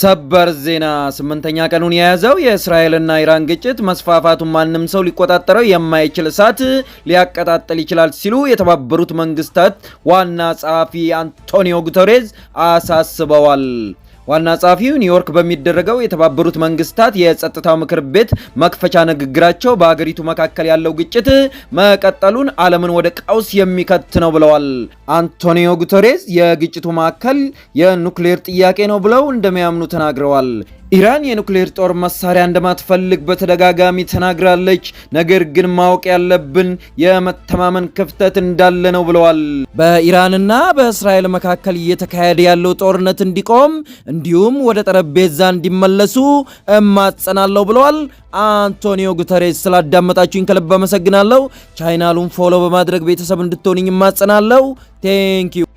ሰበር ዜና ስምንተኛ ቀኑን የያዘው የእስራኤልና ኢራን ግጭት መስፋፋቱን ማንም ሰው ሊቆጣጠረው የማይችል እሳት ሊያቀጣጥል ይችላል ሲሉ የተባበሩት መንግስታት ዋና ጸሐፊ አንቶኒዮ ጉተሬዝ አሳስበዋል። ዋና ጸሐፊው ኒውዮርክ በሚደረገው የተባበሩት መንግስታት የጸጥታው ምክር ቤት መክፈቻ ንግግራቸው በሀገሪቱ መካከል ያለው ግጭት መቀጠሉን ዓለምን ወደ ቀውስ የሚከት ነው ብለዋል። አንቶኒዮ ጉተሬዝ የግጭቱ ማዕከል የኑክሌር ጥያቄ ነው ብለው እንደሚያምኑ ተናግረዋል። ኢራን የኑክሌር ጦር መሳሪያ እንደማትፈልግ በተደጋጋሚ ተናግራለች። ነገር ግን ማወቅ ያለብን የመተማመን ክፍተት እንዳለ ነው ብለዋል። በኢራንና በእስራኤል መካከል እየተካሄደ ያለው ጦርነት እንዲቆም እንዲሁም ወደ ጠረጴዛ እንዲመለሱ እማጸናለሁ ብለዋል አንቶኒዮ ጉተሬስ። ስላዳመጣችሁኝ ከልብ አመሰግናለሁ። ቻይናሉን ፎሎ በማድረግ ቤተሰብ እንድትሆንኝ እማጸናለሁ። ቴንኪዩ